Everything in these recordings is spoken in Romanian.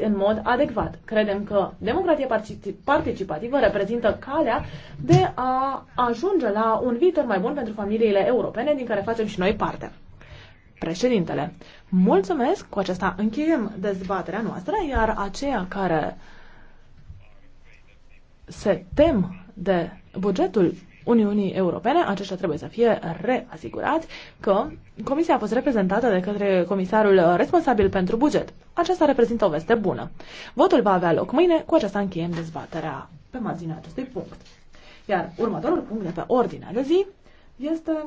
în mod adecvat. Credem că democrația participativă reprezintă calea de a ajunge la un viitor mai bun pentru familiile europene din care facem și noi parte. Președintele, mulțumesc, cu acesta încheiem dezbaterea noastră, iar aceia care se tem de bugetul Uniunii Europene, aceștia trebuie să fie reasigurați că Comisia a fost reprezentată de către comisarul responsabil pentru buget. Aceasta reprezintă o veste bună. Votul va avea loc mâine, cu aceasta încheiem dezbaterea pe marginea acestui punct. Iar următorul punct de pe ordinea de zi este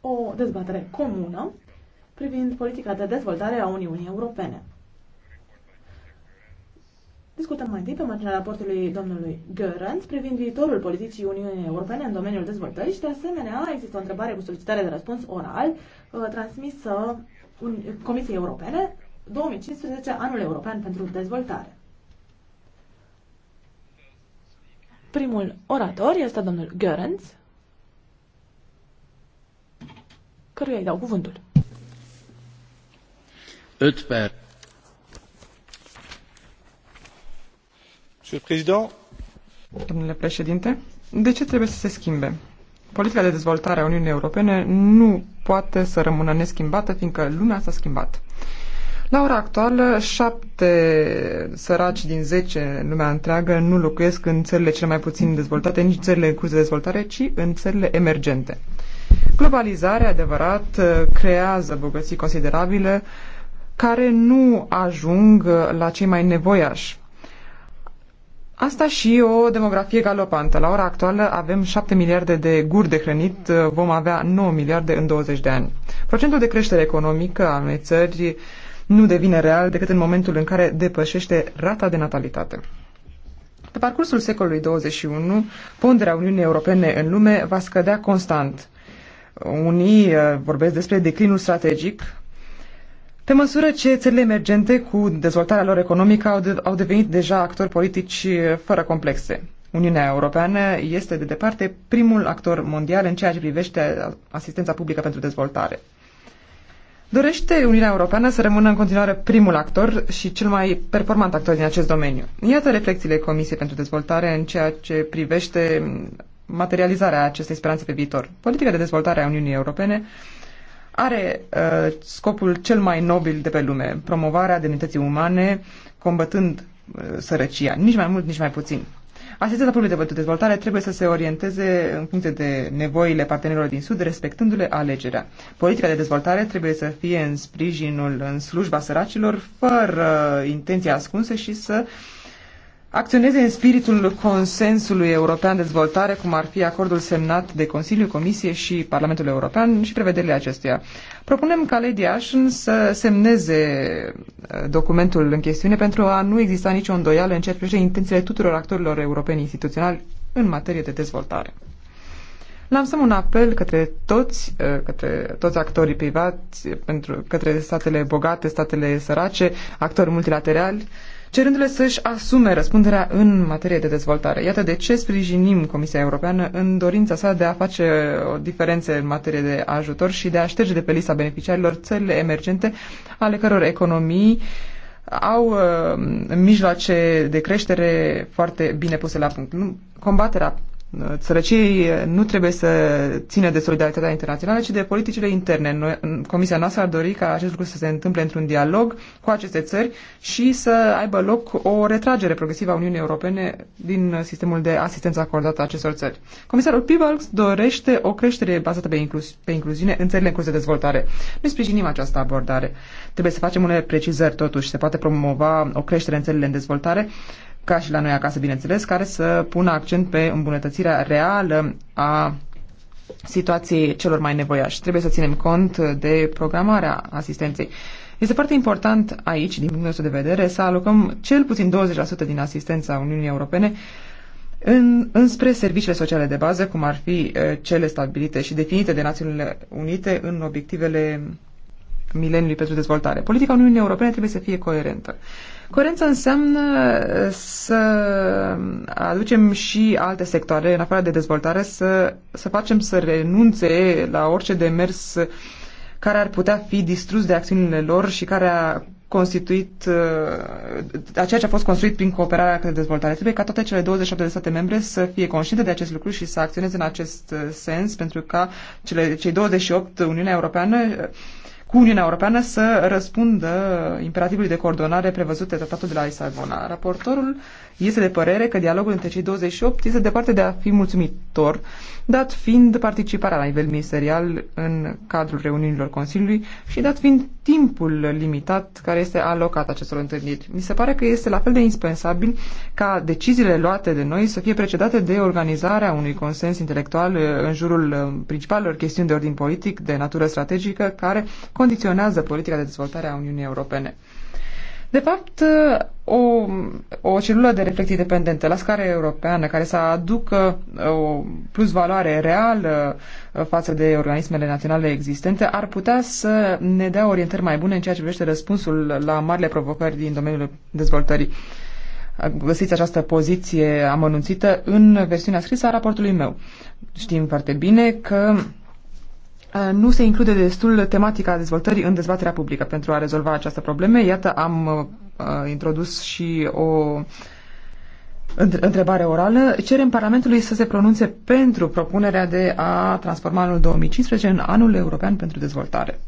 o dezbatere comună privind politica de dezvoltare a Uniunii Europene. Discutăm mai întâi pe marginea raportului domnului Görans privind viitorul politicii Uniunii Europene în domeniul dezvoltării și de asemenea există o întrebare cu solicitare de răspuns oral uh, transmisă Comisiei Europene 2015, anul european pentru dezvoltare. Primul orator este domnul Görens, căruia îi dau cuvântul. 8 Domnule președinte, de ce trebuie să se schimbe? Politica de dezvoltare a Uniunii Europene nu poate să rămână neschimbată, fiindcă lumea s-a schimbat. La ora actuală, șapte săraci din zece în lumea întreagă nu locuiesc în țările cele mai puțin dezvoltate, nici în țările în curs de dezvoltare, ci în țările emergente. Globalizarea, adevărat, creează bogății considerabile care nu ajung la cei mai nevoiași. Asta și o demografie galopantă. La ora actuală avem 7 miliarde de guri de hrănit, vom avea 9 miliarde în 20 de ani. Procentul de creștere economică a unei țări nu devine real decât în momentul în care depășește rata de natalitate. Pe parcursul secolului 21, ponderea Uniunii Europene în lume va scădea constant. Unii eh, vorbesc despre declinul strategic, pe măsură ce țările emergente cu dezvoltarea lor economică au, de, au devenit deja actori politici eh, fără complexe. Uniunea Europeană este de departe primul actor mondial în ceea ce privește asistența publică pentru dezvoltare. Dorește Uniunea Europeană să rămână în continuare primul actor și cel mai performant actor din acest domeniu. Iată reflexiile Comisiei pentru Dezvoltare în ceea ce privește materializarea acestei speranțe pe viitor. Politica de dezvoltare a Uniunii Europene are uh, scopul cel mai nobil de pe lume, promovarea demnității umane, combătând uh, sărăcia, nici mai mult, nici mai puțin. Asistența publică de dezvoltare trebuie să se orienteze în funcție de nevoile partenerilor din Sud, respectându-le alegerea. Politica de dezvoltare trebuie să fie în sprijinul, în slujba săracilor, fără uh, intenții ascunse și să uh, acționeze în spiritul consensului european de dezvoltare, cum ar fi acordul semnat de Consiliu, Comisie și Parlamentul European și prevederile acestuia. Propunem ca Lady Ashton să semneze uh, documentul în chestiune pentru a nu exista nicio îndoială în ceea ce privește intențiile tuturor actorilor europeni instituționali în materie de dezvoltare. Lansăm un apel către toți, uh, către toți actorii privați, pentru, către statele bogate, statele sărace, actori multilaterali, cerându-le să-și asume răspunderea în materie de dezvoltare. Iată de ce sprijinim Comisia Europeană în dorința sa de a face o diferență în materie de ajutor și de a șterge de pe lista beneficiarilor țările emergente ale căror economii au uh, mijloace de creștere foarte bine puse la punct. Nu, combaterea sărăciei eh, nu trebuie să țină de solidaritatea internațională, ci de politicile interne. comisia noastră ar dori ca acest lucru să se întâmple într-un dialog cu aceste țări și să aibă loc o retragere progresivă a Uniunii Europene din sistemul de asistență acordată acestor țări. Comisarul Pibalks dorește o creștere bazată pe, inclus- pe incluziune în țările în curs de dezvoltare. Noi sprijinim această abordare. Trebuie să facem unele precizări totuși. Se poate promova o creștere în țările în dezvoltare ca și la noi acasă, bineînțeles, care să pună accent pe îmbunătățirea reală a situației celor mai nevoiași. Trebuie să ținem cont de programarea asistenței. Este foarte important aici, din punctul nostru de vedere, să alocăm cel puțin 20% din asistența Uniunii Europene în, înspre serviciile sociale de bază, cum ar fi eh, cele stabilite și definite de Națiunile Unite în obiectivele mileniului pentru dezvoltare. Politica Uniunii Europene trebuie să fie coerentă. Coerența înseamnă uh, să aducem și alte sectoare, în afară de dezvoltare, să, să facem să renunțe la orice demers care ar putea fi distrus de acțiunile lor și care a constituit, uh, ceea ce a fost construit prin cooperarea de dezvoltare. Trebuie ca toate cele 27 de state membre să fie conștiente de acest lucru și să acționeze în acest uh, sens, pentru ca cele, cei 28, Uniunea Europeană, uh, cu Uniunea Europeană să răspundă imperativului de coordonare prevăzut de tratatul de la Lisabona. Raportorul este de părere că dialogul între cei 28 este departe de a fi mulțumitor, dat fiind participarea la nivel ministerial în cadrul reuniunilor Consiliului și dat fiind timpul limitat care este alocat acestor întâlniri. Mi se pare că este la fel de indispensabil ca deciziile luate de noi să fie precedate de organizarea unui consens intelectual uh, în jurul uh, principalelor chestiuni de ordin politic, de natură strategică, care condiționează politica de dezvoltare a Uniunii Europene. De fapt, o, o celulă de reflecție dependentă la scară europeană care să aducă o plus valoare reală uh, față de organismele naționale existente ar putea să ne dea orientări mai bune în ceea ce privește răspunsul la marile provocări din domeniul dezvoltării. Uh, găsiți această poziție amănunțită în versiunea scrisă a raportului meu. Știm foarte bine că Uh, nu se include destul tematica dezvoltării în dezbaterea publică. Pentru a rezolva această problemă, iată, am uh, uh introdus și o întrebare orală. Cerem Parlamentului să se pronunțe pentru propunerea de a transforma anul 2015 în anul european pentru dezvoltare.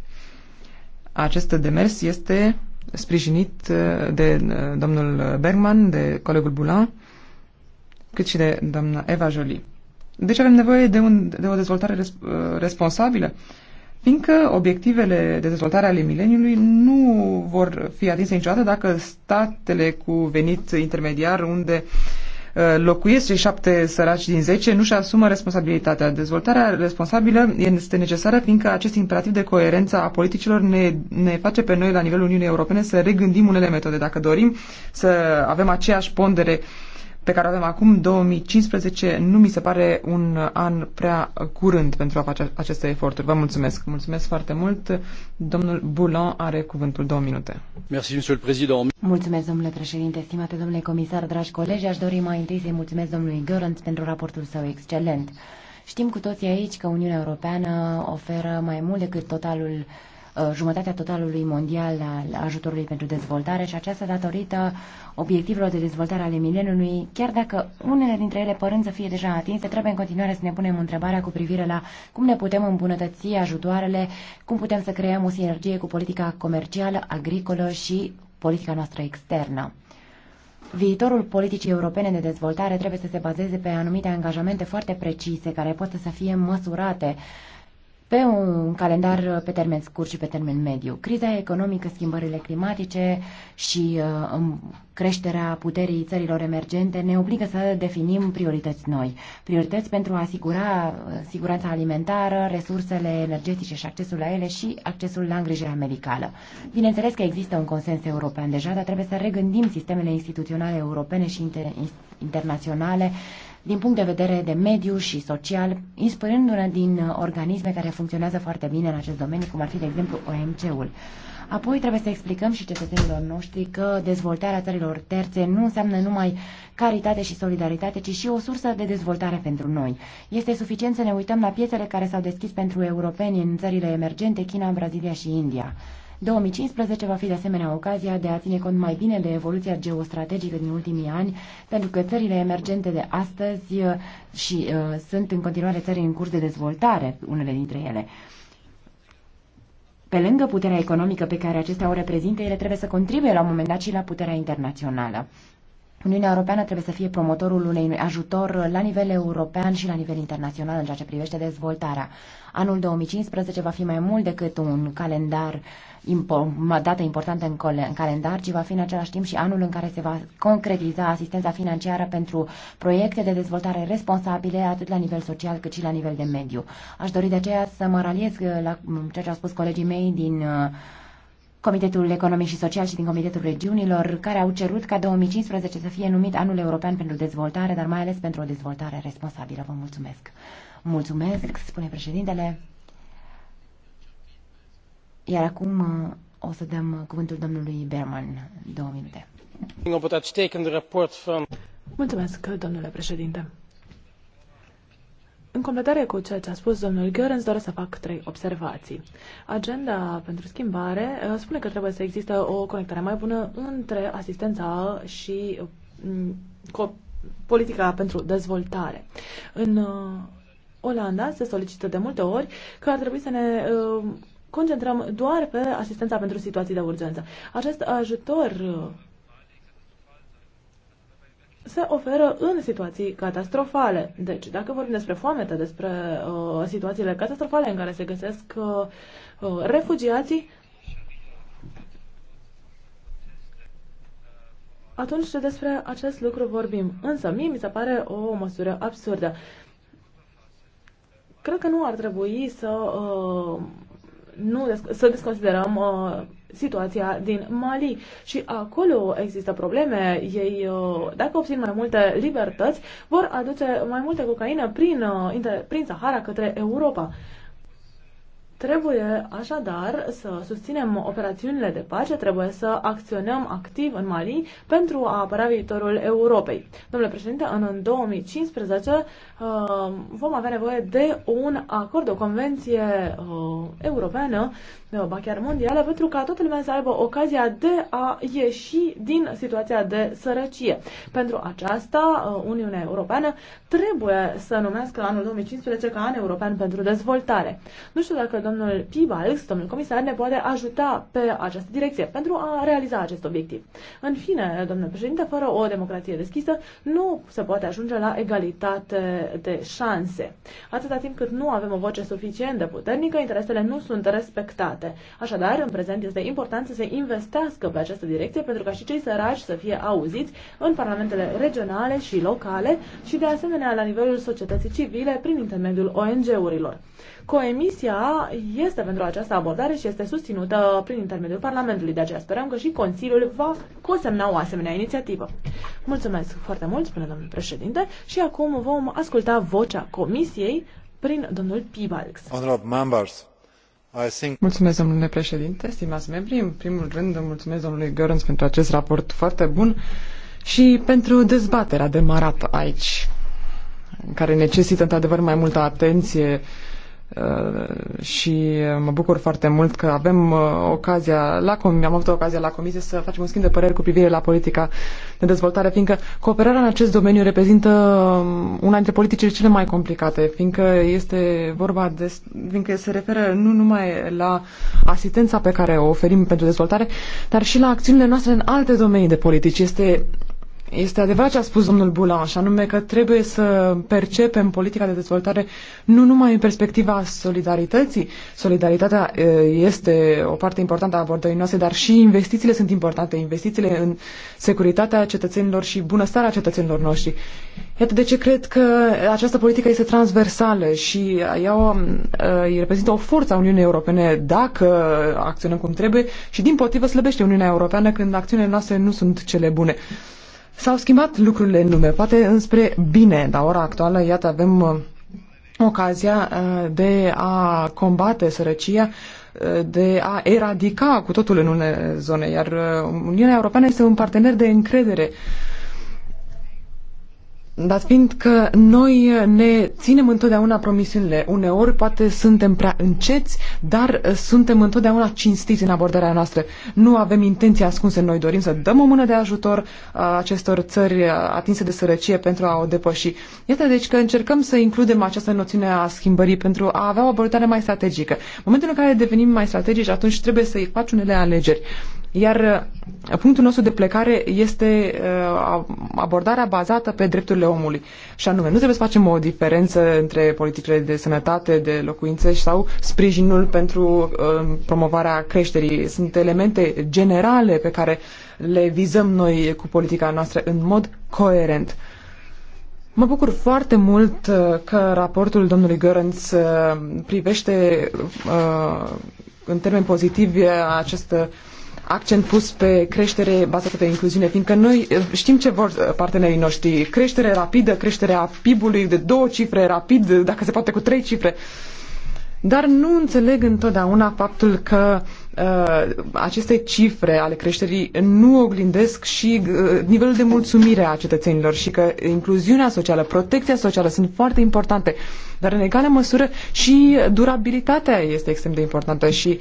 Acest demers este sprijinit uh, de domnul Bergman, de colegul Bulan, cât și de doamna Eva Jolie. Deci avem nevoie de, un, de o dezvoltare res, uh, responsabilă, fiindcă obiectivele de dezvoltare ale mileniului nu vor fi atinse niciodată dacă statele cu venit intermediar unde uh, locuiesc cei șapte săraci din zece nu-și asumă responsabilitatea. Dezvoltarea responsabilă este necesară fiindcă acest imperativ de coerență a politicilor ne, ne face pe noi la nivelul Uniunii Europene să regândim unele metode. Dacă dorim să avem aceeași pondere uh, pe care o avem acum, 2015, nu mi se pare un an prea curând pentru a face aceste eforturi. Vă mulțumesc. Mulțumesc foarte mult. Domnul Boulan are cuvântul două minute. Merci, monsieur le président. Mulțumesc, domnule președinte, stimate domnule comisar, dragi colegi. Aș dori mai întâi să-i mulțumesc domnului Görans pentru raportul său excelent. Știm cu toții aici că Uniunea Europeană oferă mai mult decât totalul uh, Uh, jumătatea totalului mondial al ajutorului pentru dezvoltare și aceasta datorită obiectivelor de dezvoltare ale mileniului, chiar dacă unele dintre ele părând să fie deja atinse, trebuie în continuare să ne punem întrebarea cu privire la cum ne putem îmbunătăți ajutoarele, cum putem să creăm o sinergie cu politica comercială, agricolă și politica noastră externă. Viitorul politicii europene de dezvoltare trebuie să se bazeze pe anumite angajamente foarte precise, care pot să fie măsurate uh, pe un calendar pe termen scurt și pe termen mediu. Criza economică, schimbările climatice și uh, creșterea puterii țărilor emergente ne obligă să definim priorități noi. Priorități pentru a asigura uh, siguranța alimentară, resursele energetice și accesul la ele și accesul la îngrijirea medicală. Bineînțeles că există un consens european deja, dar trebuie să regândim sistemele instituționale europene și inter- internaționale din punct de vedere de mediu și social, inspirându-ne din uh, organisme care funcționează foarte bine în acest domeniu, cum ar fi, de exemplu, OMC-ul. Apoi trebuie să explicăm și cetățenilor noștri că dezvoltarea țărilor terțe nu înseamnă numai caritate și solidaritate, ci și o sursă de dezvoltare pentru noi. Este suficient să ne uităm la piețele care s-au deschis pentru europeni în țările emergente, China, Brazilia și India. 2015 va fi de asemenea ocazia de a ține cont mai bine de evoluția geostrategică din ultimii ani, pentru că țările emergente de astăzi uh, și uh, sunt în continuare țări în curs de dezvoltare, unele dintre ele. Pe lângă puterea economică pe care acestea o reprezintă, ele trebuie să contribuie la un moment dat și la puterea internațională. Uniunea Europeană trebuie să fie promotorul unei ajutor la nivel european și la nivel internațional în ceea ce privește dezvoltarea. Anul 2015 va fi mai mult decât un calendar, o dată importantă în, în calendar, ci va fi în același timp și anul în care se va concretiza asistența financiară pentru proiecte de dezvoltare responsabile, atât la nivel social cât și la nivel de mediu. Aș dori de aceea să mă raliez uh, la um, ceea ce au spus colegii mei din uh, Comitetul Economic și Social și din Comitetul Regiunilor, care au cerut ca 2015 să fie numit Anul European pentru Dezvoltare, dar mai ales pentru o dezvoltare responsabilă. Vă mulțumesc! Mulțumesc, spune președintele. Iar acum uh, o să dăm cuvântul domnului Berman, două minute. Mulțumesc, domnule președinte. În completare cu ceea ce a spus domnul Görens, doresc să fac trei observații. Agenda pentru schimbare uh, spune că trebuie să existe o conectare mai bună între asistența și mm, politica pentru dezvoltare. În uh, Olanda se solicită de multe ori că ar trebui să ne uh, concentrăm doar pe asistența pentru situații de urgență. Acest ajutor se oferă în situații catastrofale. Deci, dacă vorbim despre foamete, despre uh, situațiile catastrofale în care se găsesc uh, uh, refugiații, atunci despre acest lucru vorbim. Însă, mie mi se pare o măsură absurdă. Cred că nu ar trebui să, uh, nu, să desconsiderăm uh, situația din Mali și acolo există probleme. Ei, uh, dacă obțin mai multe libertăți, vor aduce mai multe cocaină prin, uh, prin Sahara către Europa. Trebuie așadar să susținem operațiunile de pace, trebuie să acționăm activ în Mali pentru a apăra viitorul Europei. Domnule președinte, în 2015 Um, vom avea nevoie de un acord, o convenție uh, europeană, uh, ba chiar mondială, pentru ca toată lumea să aibă ocazia de a ieși din situația de sărăcie. Pentru aceasta, uh, Uniunea Europeană trebuie să numească anul 2015 ca an european pentru dezvoltare. Nu știu dacă domnul Pibalx, domnul comisar, ne poate ajuta pe această direcție pentru a realiza acest obiectiv. În fine, domnul președinte, fără o democrație deschisă, nu se poate ajunge la egalitate de șanse. Atâta timp cât nu avem o voce suficient de puternică, interesele nu sunt respectate. Așadar, în prezent este important să se investească pe această direcție pentru ca și cei săraci să fie auziți în parlamentele regionale și locale și de asemenea la nivelul societății civile prin intermediul ONG-urilor. Coemisia este pentru această abordare și este susținută prin intermediul Parlamentului, de aceea sperăm că și Consiliul va consemna o asemenea inițiativă. Mulțumesc foarte mult, spune domnul președinte, și acum vom asculta vocea Comisiei prin domnul Pibalx. Mulțumesc, domnule președinte, stimați membri. În primul rând, mulțumesc domnului Görens pentru acest raport foarte bun și pentru dezbaterea demarată aici, care necesită într-adevăr mai multă atenție uh, Uh, și uh, mă bucur foarte mult că avem uh, ocazia, la, am avut ocazia la comisie să facem un schimb de păreri cu privire la politica de dezvoltare, fiindcă cooperarea în acest domeniu reprezintă um, una dintre politicile cele mai complicate, fiindcă este vorba de, fiindcă se referă nu numai la asistența pe care o oferim pentru dezvoltare, dar și la acțiunile noastre în alte domenii de politici. Este este adevărat ce a spus domnul Bulan, și anume că trebuie să percepem politica de dezvoltare nu numai în perspectiva solidarității. Solidaritatea este o parte importantă a abordării noastre, dar și investițiile sunt importante, investițiile în securitatea cetățenilor și bunăstarea cetățenilor noștri. Iată de ce cred că această politică este transversală și ea o, îi reprezintă o forță a Uniunii Europene dacă acționăm cum trebuie și din potrivă slăbește Uniunea Europeană când acțiunile noastre nu sunt cele bune. S-au schimbat lucrurile în lume, poate înspre bine, la ora actuală, iată, avem uh, ocazia uh, de a combate sărăcia, uh, de a eradica cu totul în unele zone, iar Uniunea Europeană este un partener de încredere dar fiind că noi ne ținem întotdeauna promisiunile. Uneori poate suntem prea înceți, dar uh, suntem întotdeauna cinstiți în abordarea noastră. Nu avem intenții ascunse. Noi dorim să dăm o mână de ajutor uh, acestor țări uh, atinse de sărăcie pentru a o depăși. Iată deci că încercăm să includem această noțiune a schimbării pentru a avea o abordare mai strategică. În momentul în care devenim mai strategici, atunci trebuie să i faci unele alegeri. Iar uh, punctul nostru de plecare este uh, abordarea bazată pe drepturile omului. Și anume, nu trebuie să facem o diferență între politicile de sănătate, de locuințe sau sprijinul pentru uh, promovarea creșterii. Sunt elemente generale pe care le vizăm noi cu politica noastră în mod coerent. Mă bucur foarte mult că raportul domnului Gărânț privește în termeni pozitivi această accent pus pe creștere bazată pe incluziune, fiindcă noi eh, știm ce vor eh, partenerii noștri. Creștere rapidă, creșterea PIB-ului de două cifre rapid, eh, dacă se poate cu trei cifre. Dar nu înțeleg întotdeauna faptul că uh, Uh, aceste cifre ale creșterii nu oglindesc și uh, nivelul de mulțumire a cetățenilor și că incluziunea socială, protecția socială sunt foarte importante, dar în egală măsură și durabilitatea este extrem de importantă și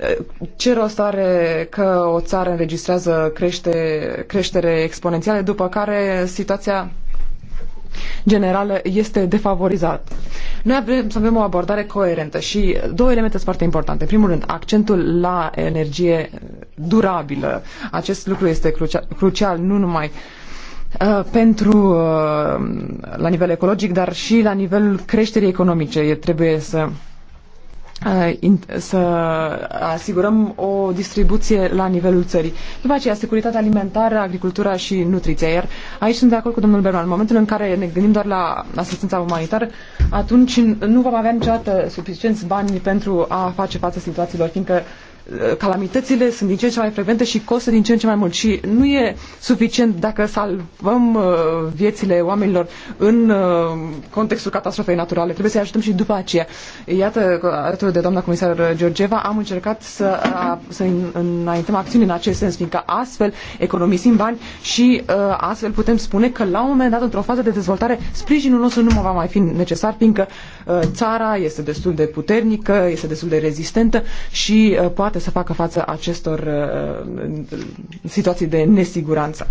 uh, ce rost are că o țară înregistrează crește, creștere exponențială, după care situația generală este defavorizat. Noi vrem să avem o abordare coerentă și două elemente sunt foarte importante. În primul rând, accentul la energie durabilă. Acest lucru este crucia- crucial nu numai uh, pentru uh, la nivel ecologic, dar și la nivelul creșterii economice. Trebuie să să asigurăm o distribuție la nivelul țării. După aceea, securitatea alimentară, agricultura și nutriția. Iar aici sunt de acord cu domnul Bernal. În momentul în care ne gândim doar la asistența umanitară, atunci nu vom avea niciodată suficienți bani pentru a face față situațiilor, fiindcă uh, calamitățile sunt din ce în ce mai frecvente și costă din ce în ce mai mult. Și nu e suficient dacă salvăm uh, viețile oamenilor în uh, contextul catastrofei naturale. Trebuie să-i ajutăm și după aceea. Iată, alături de doamna comisar Georgeva, am încercat să, uh, să înaintăm acțiuni în acest sens, fiindcă astfel economisim bani și astfel putem spune că la un moment dat, într-o fază de dezvoltare, sprijinul nostru nu va mai fi necesar, fiindcă uh, Uh, țara este destul de puternică, este destul de rezistentă și uh, poate să facă față acestor uh, situații de nesiguranță.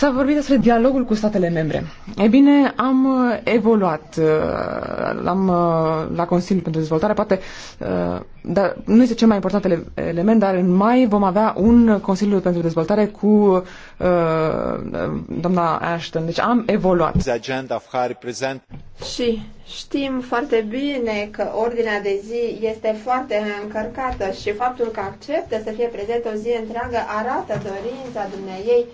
S-a vorbit despre dialogul cu statele membre. E bine, am uh, evoluat uh, am, uh, la Consiliul pentru Dezvoltare, poate, dar nu este cel mai important element, dar în mai vom avea un Consiliu pentru Dezvoltare cu doamna Ashton. Deci am evoluat. Și știm foarte bine că ordinea de zi este foarte încărcată și faptul că acceptă să fie prezent o zi întreagă arată dorința dumneavoastră ei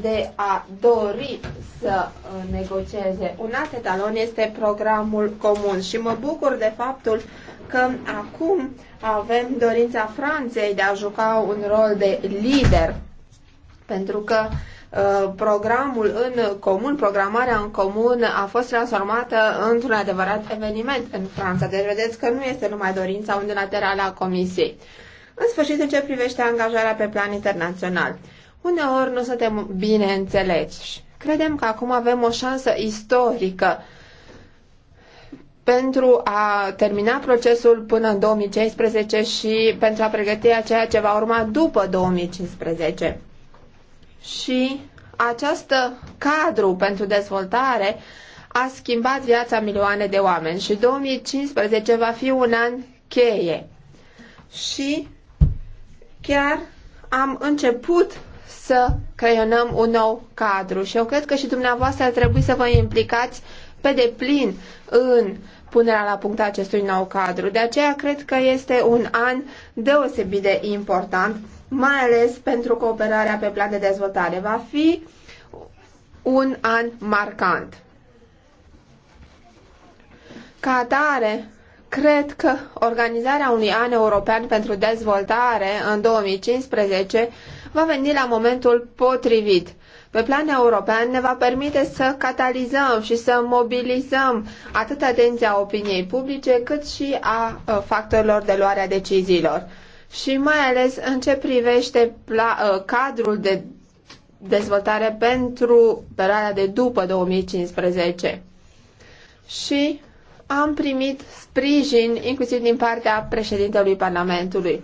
de a dori să uh, negocieze un alt etalon este programul comun și mă bucur de faptul că acum avem dorința Franței de a juca un rol de lider pentru că uh, programul în comun, programarea în comun a fost transformată într-un adevărat eveniment în Franța. Deci vedeți că nu este numai dorința unilaterală a Comisiei. În sfârșit, în ce privește angajarea pe plan internațional. Uneori nu suntem bine înțelegi. Credem că acum avem o șansă istorică pentru a termina procesul până în 2015 și pentru a pregăti ceea ce va urma după 2015. Și această cadru pentru dezvoltare a schimbat viața milioane de oameni și 2015 va fi un an cheie. Și chiar am început să creionăm un nou cadru și eu cred că și dumneavoastră ar trebui să vă implicați pe deplin în punerea la punct a acestui nou cadru. De aceea cred că este un an deosebit de important, mai ales pentru cooperarea pe plan de dezvoltare. Va fi un an marcant. Ca atare, cred că organizarea unui an european pentru dezvoltare în 2015 va veni la momentul potrivit. Pe plan european ne va permite să catalizăm și să mobilizăm atât atenția opiniei publice cât și a factorilor de luare a deciziilor. Și mai ales în ce privește cadrul de dezvoltare pentru perioada de după 2015. Și am primit sprijin inclusiv din partea președintelui Parlamentului.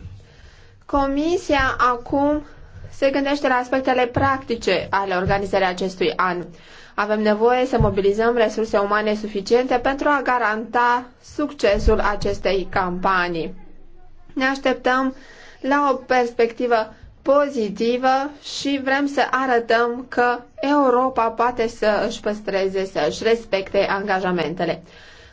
Comisia acum se gândește la aspectele practice ale organizării acestui an. Avem nevoie să mobilizăm resurse umane suficiente pentru a garanta succesul acestei campanii. Ne așteptăm la o perspectivă pozitivă și vrem să arătăm că Europa poate să își păstreze, să își respecte angajamentele.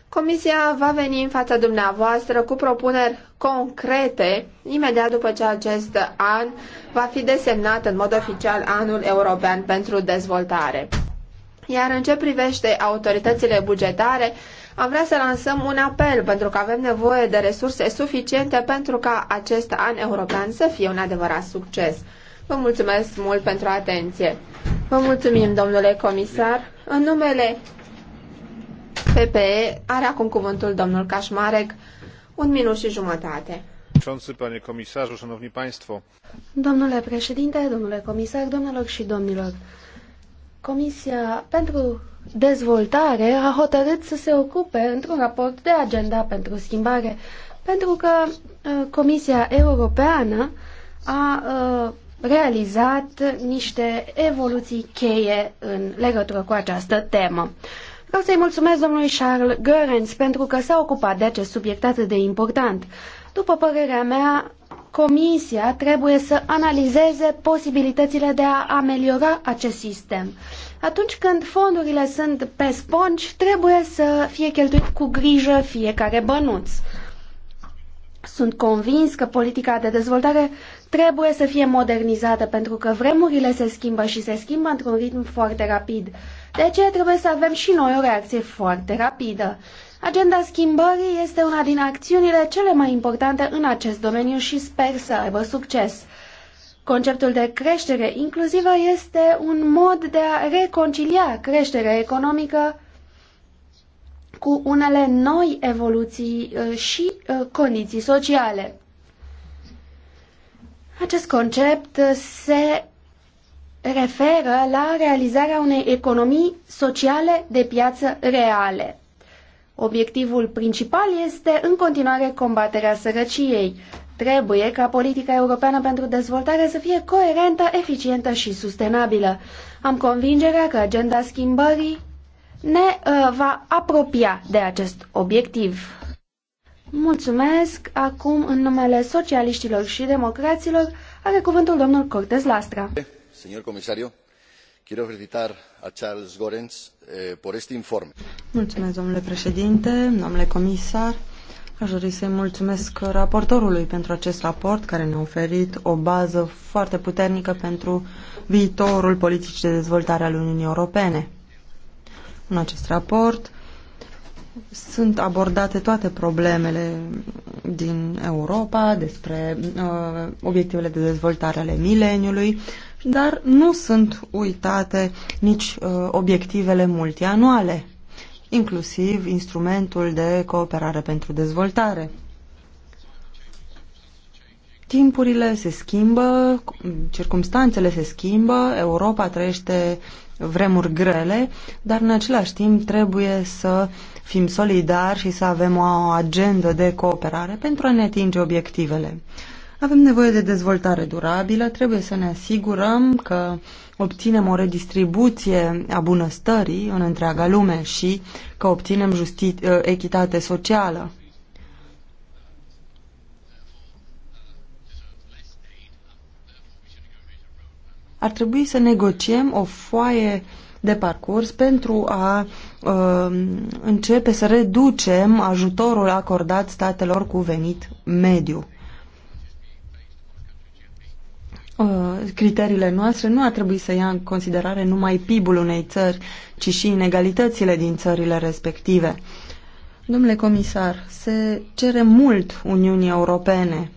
Comisia va veni în fața dumneavoastră cu propuneri concrete imediat după ce acest an va fi desemnat în mod oficial Anul European pentru Dezvoltare. Iar în ce privește autoritățile bugetare, am vrea să lansăm un apel pentru că avem nevoie de resurse suficiente pentru ca acest an european să fie un adevărat succes. Vă mulțumesc mult pentru atenție. Vă mulțumim, domnule comisar. În numele PPE are acum cuvântul domnul Kaczmarek. Un minut și jumătate. Domnule președinte, domnule comisar, domnilor și domnilor, Comisia pentru Dezvoltare a hotărât să se ocupe într-un raport de agenda pentru schimbare, pentru că uh, Comisia Europeană a uh, realizat niște evoluții cheie în legătură cu această temă. Vreau să-i mulțumesc domnului Charles Görens pentru că s-a ocupat de acest subiect atât de important. După părerea mea, Comisia trebuie să analizeze posibilitățile de a ameliora acest sistem. Atunci când fondurile sunt pe spongi, trebuie să fie cheltuit cu grijă fiecare bănuț. Sunt convins că politica de dezvoltare trebuie să fie modernizată pentru că vremurile se schimbă și se schimbă într-un ritm foarte rapid. De aceea trebuie să avem și noi o reacție foarte rapidă. Agenda schimbării este una din acțiunile cele mai importante în acest domeniu și sper să aibă succes. Conceptul de creștere inclusivă este un mod de a reconcilia creșterea economică cu unele noi evoluții uh, și uh, condiții sociale. Acest concept se referă la realizarea unei economii sociale de piață reale. Obiectivul principal este în continuare combaterea sărăciei. Trebuie ca politica europeană pentru dezvoltare să fie coerentă, eficientă și sustenabilă. Am convingerea că agenda schimbării ne uh, va apropia de acest obiectiv. Mulțumesc! Acum, în numele socialiștilor și democraților, are cuvântul domnul Cortez Lastra señor comisario quiero felicitar a charles goerens eh, por este informe. Mulțumesc, domnule președinte domnule comisar aș dori să i mulțumesc raportorului pentru acest raport care ne a oferit o bază foarte puternică pentru viitorul politicii de dezvoltare al uniunii europene. în acest raport sunt abordate toate problemele din Europa despre uh, obiectivele de dezvoltare ale mileniului, dar nu sunt uitate nici uh, obiectivele multianuale, inclusiv instrumentul de cooperare pentru dezvoltare. Timpurile se schimbă, circumstanțele se schimbă, Europa trăiește vremuri grele, dar în același timp trebuie să fim solidari și să avem o agendă de cooperare pentru a ne atinge obiectivele. Avem nevoie de dezvoltare durabilă, trebuie să ne asigurăm că obținem o redistribuție a bunăstării în întreaga lume și că obținem ă, echitate socială. Ar trebui să negociem o foaie de parcurs pentru a uh, începe să reducem ajutorul acordat statelor cu venit mediu Uh, criteriile noastre nu ar trebui să ia în considerare numai PIB-ul unei țări, ci și inegalitățile din țările respective. Domnule comisar, se cere mult Uniunii Europene.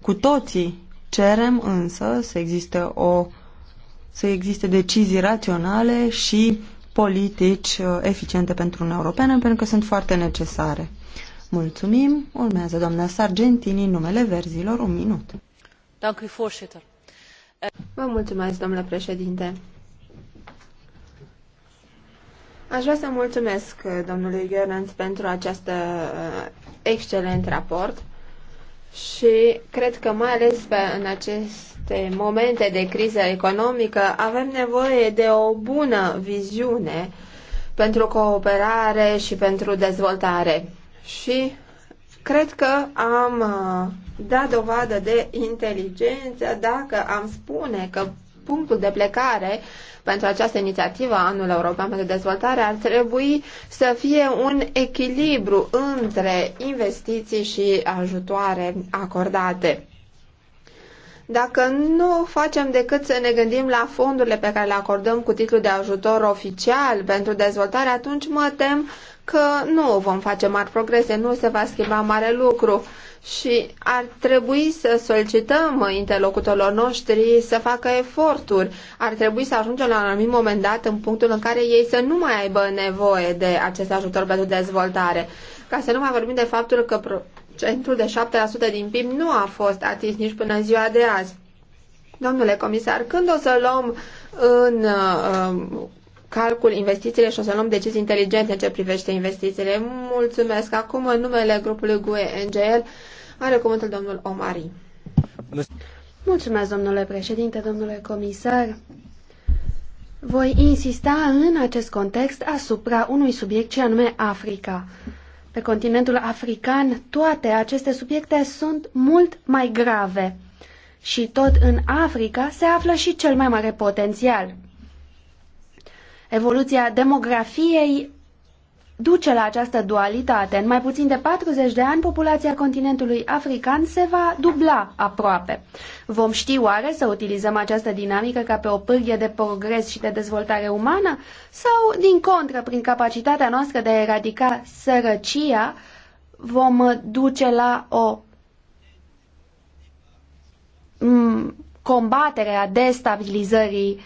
Cu toții cerem însă să existe, o, să existe decizii raționale și politici uh, eficiente pentru Uniunea Europeană, pentru că sunt foarte necesare. Mulțumim. Urmează doamna Sargentini, numele verzilor, un minut. Dank u, voorzitter. Vă mulțumesc, domnule președinte. Aș vrea să mulțumesc uh, domnului Gerenț pentru acest uh, excelent raport și cred că mai ales pe, în aceste momente de criză economică avem nevoie de o bună viziune pentru cooperare și pentru dezvoltare. Și cred că am uh, da dovadă de inteligență dacă am spune că punctul de plecare pentru această inițiativă Anul European pentru Dezvoltare ar trebui să fie un echilibru între investiții și ajutoare acordate. Dacă nu facem decât să ne gândim la fondurile pe care le acordăm cu titlul de ajutor oficial pentru dezvoltare, atunci mă tem că nu vom face mari progrese, nu se va schimba mare lucru și ar trebui să solicităm interlocutorilor noștri să facă eforturi. Ar trebui să ajungem la un anumit moment dat în punctul în care ei să nu mai aibă nevoie de acest ajutor pentru dezvoltare. Ca să nu mai vorbim de faptul că procentul de 7% din PIB nu a fost atins nici până în ziua de azi. Domnule comisar, când o să luăm în uh, calcul investițiile și o să luăm decizii inteligente în ce privește investițiile. Mulțumesc acum în numele grupului GUE NGL. Are cuvântul domnul Omari. Mulțumesc, domnule președinte, domnule comisar. Voi insista în acest context asupra unui subiect ce anume Africa. Pe continentul african, toate aceste subiecte sunt mult mai grave. Și tot în Africa se află și cel mai mare potențial. Evoluția demografiei duce la această dualitate. În mai puțin de 40 de ani, populația continentului african se va dubla aproape. Vom ști oare să utilizăm această dinamică ca pe o pârghie de progres și de dezvoltare umană? Sau, din contră, prin capacitatea noastră de a eradica sărăcia, vom duce la o mm, combatere a destabilizării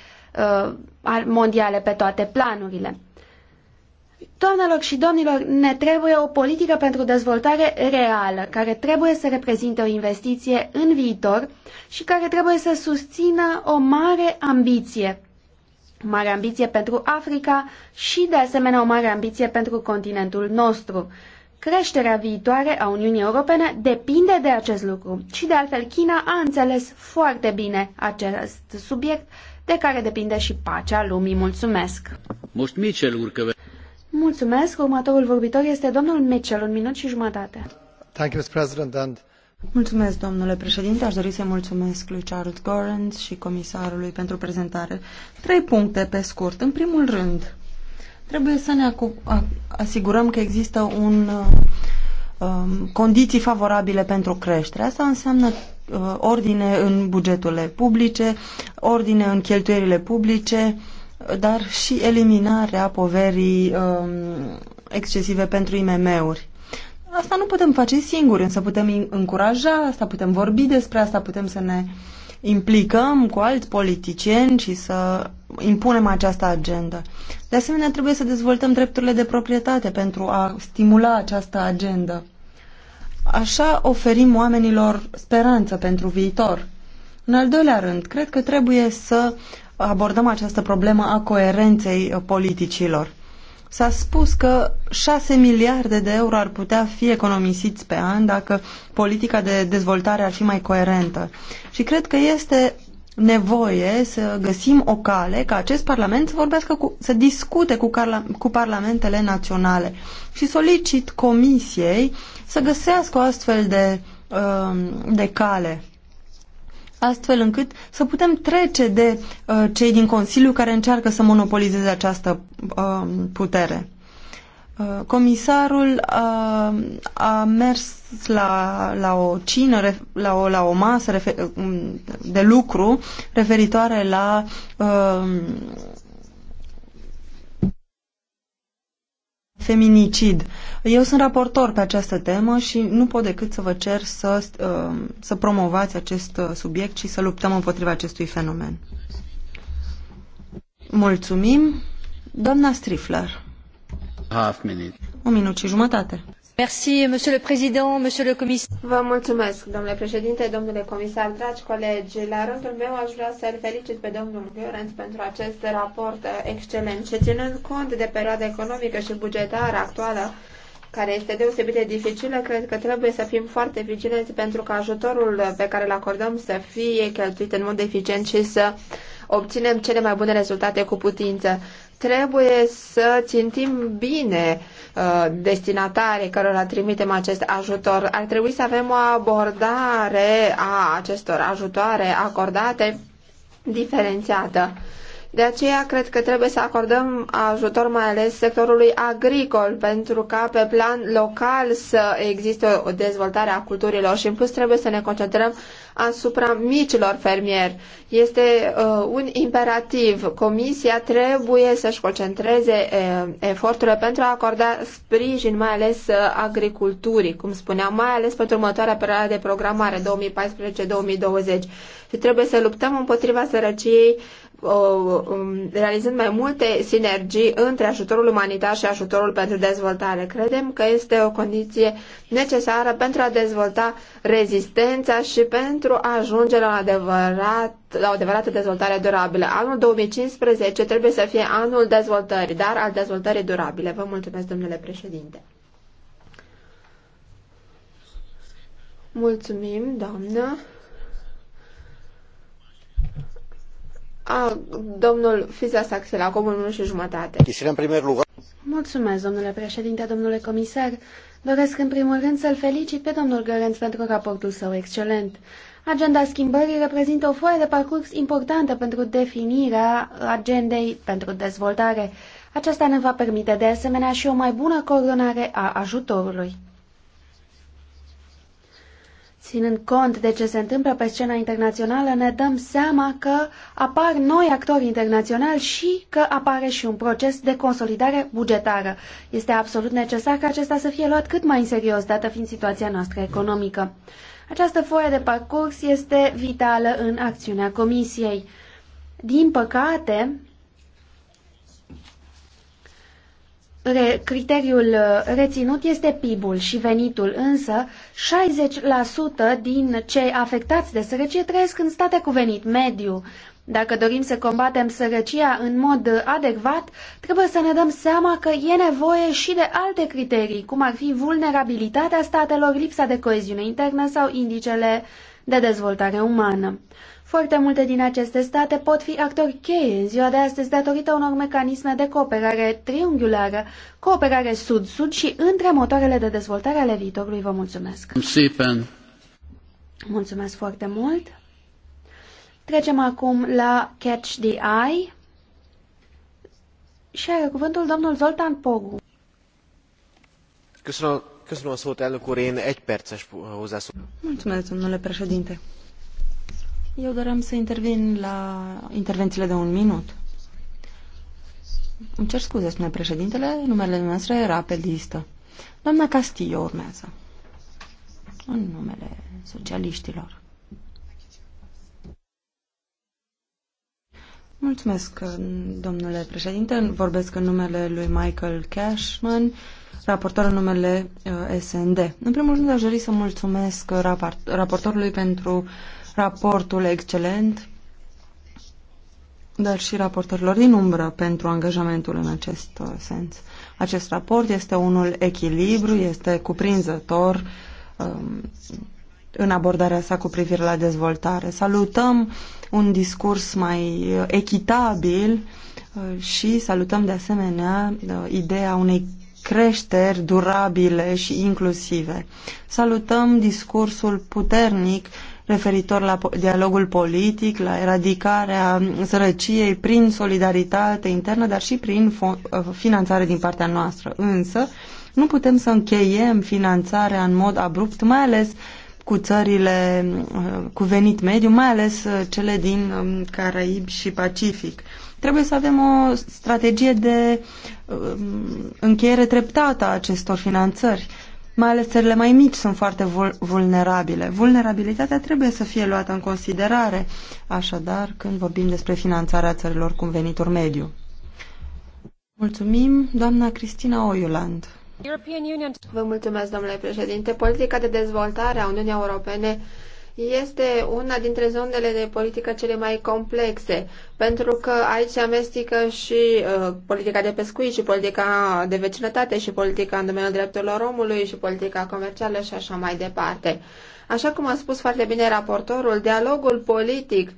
uh, mondiale pe toate planurile? Doamnelor și domnilor, ne trebuie o politică pentru dezvoltare reală, care trebuie să reprezinte o investiție în viitor și care trebuie să susțină o mare ambiție. Mare ambiție pentru Africa și, de asemenea, o mare ambiție pentru continentul nostru. Creșterea viitoare a Uniunii Europene depinde de acest lucru și, de altfel, China a înțeles foarte bine acest subiect, de care depinde și pacea lumii. Mulțumesc! Mulțumesc. Mulțumesc. Următorul vorbitor este domnul Mitchell, un minut și jumătate. Thank you, Mr. President, and... Mulțumesc, domnule președinte. Aș dori să mulțumesc lui Charles Gorens și comisarului pentru prezentare. Trei puncte pe scurt. În primul rând, trebuie să ne asigurăm că există un uh, um, condiții favorabile pentru creștere. Asta înseamnă uh, ordine în bugetele publice, ordine în cheltuielile publice, uh, dar și eliminarea poverii um, excesive pentru IMM-uri. Asta nu putem face singuri, însă putem încuraja asta, putem vorbi despre asta, putem să ne implicăm cu alți politicieni și să impunem această agendă. De asemenea, trebuie să dezvoltăm drepturile de proprietate pentru a stimula această agendă. Așa oferim oamenilor speranță pentru viitor. În al doilea rând, cred că trebuie să abordăm această problemă a coerenței uh, politicilor. S-a spus că 6 miliarde de euro ar putea fi economisiți pe an dacă politica de dezvoltare ar fi mai coerentă. Și cred că este nevoie să găsim o cale ca acest Parlament să vorbească cu, să discute cu, carla, cu parlamentele naționale și solicit Comisiei să găsească o astfel de, uh, de cale astfel încât să putem trece de uh, cei din Consiliu care încearcă să monopolizeze această uh, putere. Uh, comisarul a, uh, a mers la, la o cină, la o, la o masă refer, uh, de lucru referitoare la uh, feminicid. Eu sunt raportor pe această temă și nu pot decât să vă cer să, uh, să promovați acest uh, subiect și să luptăm împotriva acestui fenomen. Mulțumim. Doamna Strifler. Half minute. Un minut și jumătate. Vă mulțumesc, domnule președinte, domnule comisar, dragi colegi. La rândul meu aș vrea să îl felicit pe domnul goerens pentru acest raport excelent și ținând cont de perioada economică și bugetară actuală, care este deosebit de dificilă, cred că trebuie să fim foarte vigilenți pentru că ajutorul pe care îl acordăm să fie cheltuit în mod eficient și să obținem cele mai bune rezultate cu putință trebuie să țintim bine uh, destinatarii cărora trimitem acest ajutor. Ar trebui să avem o abordare a acestor ajutoare acordate diferențiată. De aceea cred că trebuie să acordăm ajutor mai ales sectorului agricol pentru ca pe plan local să existe o dezvoltare a culturilor și în plus trebuie să ne concentrăm asupra micilor fermieri. Este uh, un imperativ. Comisia trebuie să-și concentreze uh, eforturile pentru a acorda sprijin mai ales uh, agriculturii, cum spuneam, mai ales pentru următoarea perioadă de programare 2014-2020. Și trebuie să luptăm împotriva sărăciei Uh, um, realizând mai multe sinergii între ajutorul umanitar și ajutorul pentru dezvoltare. Credem că este o condiție necesară pentru a dezvolta rezistența și pentru a ajunge la, adevărat, la o adevărată dezvoltare durabilă. Anul 2015 trebuie să fie anul dezvoltării, dar al dezvoltării durabile. Vă mulțumesc, domnule președinte. Mulțumim, doamnă. A, domnul Fizas Axel, acum un și jumătate. Mulțumesc, domnule președinte, domnule comisar. Doresc în primul rând să-l felicit pe domnul Gărenț pentru raportul său excelent. Agenda schimbării reprezintă o foaie de parcurs importantă pentru definirea agendei pentru dezvoltare. Aceasta ne va permite de asemenea și o mai bună coordonare a ajutorului. Ținând cont de ce se întâmplă pe scena internațională, ne dăm seama că apar noi actori internaționali și că apare și un proces de consolidare bugetară. Este absolut necesar ca acesta să fie luat cât mai în serios, dată fiind situația noastră economică. Această foaie de parcurs este vitală în acțiunea Comisiei. Din păcate, Re, criteriul uh, reținut este PIB-ul și venitul, însă 60% din cei afectați de sărăcie trăiesc în state cu venit mediu. Dacă dorim să combatem sărăcia în mod adecvat, trebuie să ne dăm seama că e nevoie și de alte criterii, cum ar fi vulnerabilitatea statelor, lipsa de coeziune internă sau indicele de dezvoltare umană. Foarte multe din aceste state pot fi actori cheie în ziua de astăzi datorită unor mecanisme de cooperare triunghiulară, cooperare sud-sud și între motoarele de dezvoltare ale viitorului. Vă mulțumesc! Mulțumesc foarte mult! Trecem acum la Catch the Eye și are cuvântul domnul Zoltan Pogu. Mulțumesc, domnule președinte. Eu doream să intervin la intervențiile de un minut. Îmi cer scuze, spune președintele, numele dumneavoastră era pe listă. Doamna Castillo urmează. În numele socialiștilor. Mulțumesc, domnule președinte. Vorbesc în numele lui Michael Cashman, raportor în numele uh, SND. În primul rând, aș dori să mulțumesc raportorului pentru uh, raportul excelent, dar și raportărilor din umbră pentru angajamentul în acest uh, sens. Acest raport este unul echilibru, este cuprinzător um, în abordarea sa cu privire la dezvoltare. Salutăm un discurs mai uh, echitabil uh, și salutăm de asemenea ideea unei creșteri durabile și inclusive. Salutăm discursul puternic referitor la dialogul politic, la eradicarea sărăciei prin solidaritate internă, dar și prin uh, finanțare din partea noastră. Însă, nu putem să încheiem finanțarea în mod abrupt, mai ales cu țările uh, cu venit mediu, mai ales uh, cele din um, Caraib și Pacific. Trebuie să avem o strategie de încheiere treptată a acestor finanțări mai ales țările mai mici sunt foarte vulnerabile. Vulnerabilitatea trebuie să fie luată în considerare, așadar, când vorbim despre finanțarea țărilor cu venituri mediu. Mulțumim, doamna Cristina Oiuland. Vă mulțumesc, domnule președinte. Politica de dezvoltare a Uniunii Europene este una dintre zonele de politică cele mai complexe, pentru că aici se amestecă și uh, politica de pescuit și politica de vecinătate și politica în domeniul drepturilor omului și politica comercială și așa mai departe. Așa cum a spus foarte bine raportorul, dialogul politic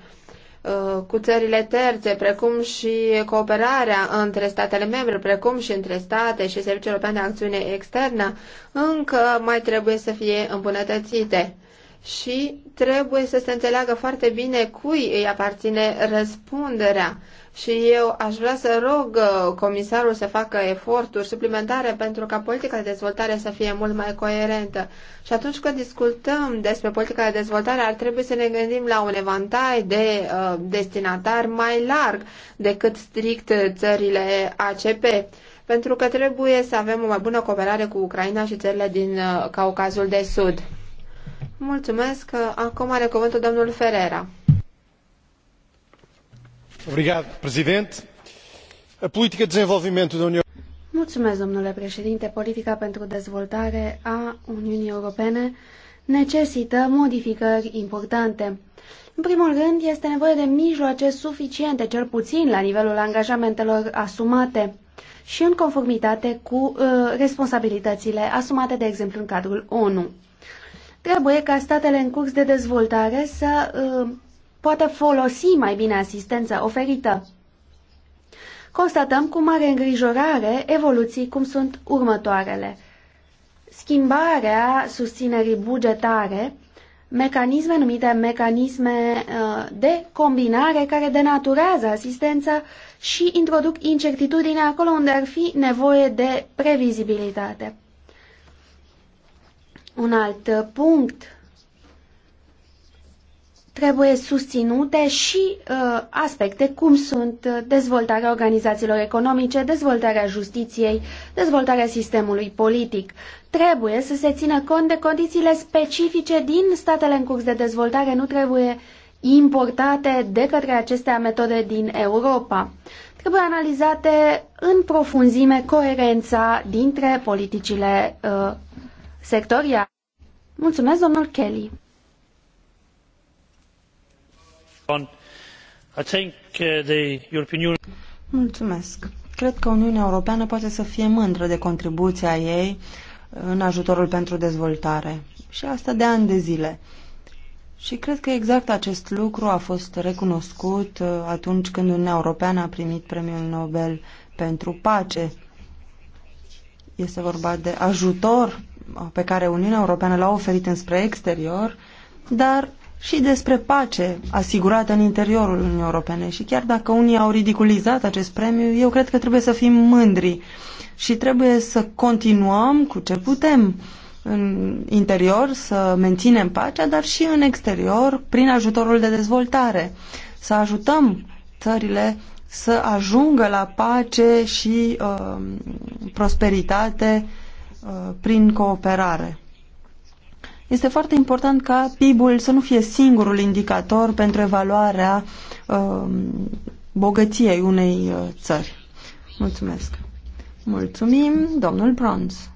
uh, cu țările terțe, precum și cooperarea între statele membre, precum și între state și Serviciul European de Acțiune Externă, încă mai trebuie să fie îmbunătățite și trebuie să se înțeleagă foarte bine cui îi aparține răspunderea. Și eu aș vrea să rog uh, comisarul să facă eforturi suplimentare pentru ca politica de dezvoltare să fie mult mai coerentă. Și atunci când discutăm despre politica de dezvoltare, ar trebui să ne gândim la un evantai de uh, destinatari mai larg decât strict țările ACP pentru că trebuie să avem o mai bună cooperare cu Ucraina și țările din uh, Caucazul de Sud. Mulțumesc. Acum are cuvântul domnul Ferreira. Obrigado, presidente. A de desenvolvimento da União Mulțumesc, domnule președinte. Politica pentru dezvoltare a Uniunii Europene necesită modificări importante. În primul rând, este nevoie de mijloace suficiente, cel puțin la nivelul angajamentelor asumate și în conformitate cu uh, responsabilitățile asumate, de exemplu, în cadrul ONU. Trebuie ca statele în curs de dezvoltare să uh, poată folosi mai bine asistența oferită. Constatăm cu mare îngrijorare evoluții cum sunt următoarele. Schimbarea susținerii bugetare, mecanisme numite mecanisme uh, de combinare care denaturează asistența și introduc incertitudine acolo unde ar fi nevoie de previzibilitate. Un alt punct trebuie susținute și uh, aspecte cum sunt dezvoltarea organizațiilor economice, dezvoltarea justiției, dezvoltarea sistemului politic. Trebuie să se țină cont de condițiile specifice din statele în curs de dezvoltare, nu trebuie importate de către acestea metode din Europa. Trebuie analizate în profunzime coerența dintre politicile uh, Sectoria. Mulțumesc, domnul Kelly. Uh, Mulțumesc. Cred că Uniunea Europeană poate să fie mândră de contribuția ei în ajutorul pentru dezvoltare. Și asta de ani de zile. Și cred că exact acest lucru a fost recunoscut uh, atunci când Uniunea Europeană a primit premiul Nobel pentru pace. Este vorba de ajutor pe care Uniunea Europeană l-a oferit înspre exterior, dar și despre pace asigurată în interiorul Uniunii Europene. Și chiar dacă unii au ridiculizat acest premiu, eu cred că trebuie să fim mândri și trebuie să continuăm cu ce putem în interior să menținem pacea, dar și în exterior prin ajutorul de dezvoltare. Să ajutăm țările să ajungă la pace și uh, prosperitate Uh, prin cooperare. Este foarte important ca PIB-ul să nu fie singurul indicator pentru evaluarea um, bogăției unei uh, țări. Mulțumesc. Mulțumim, domnul Bronz.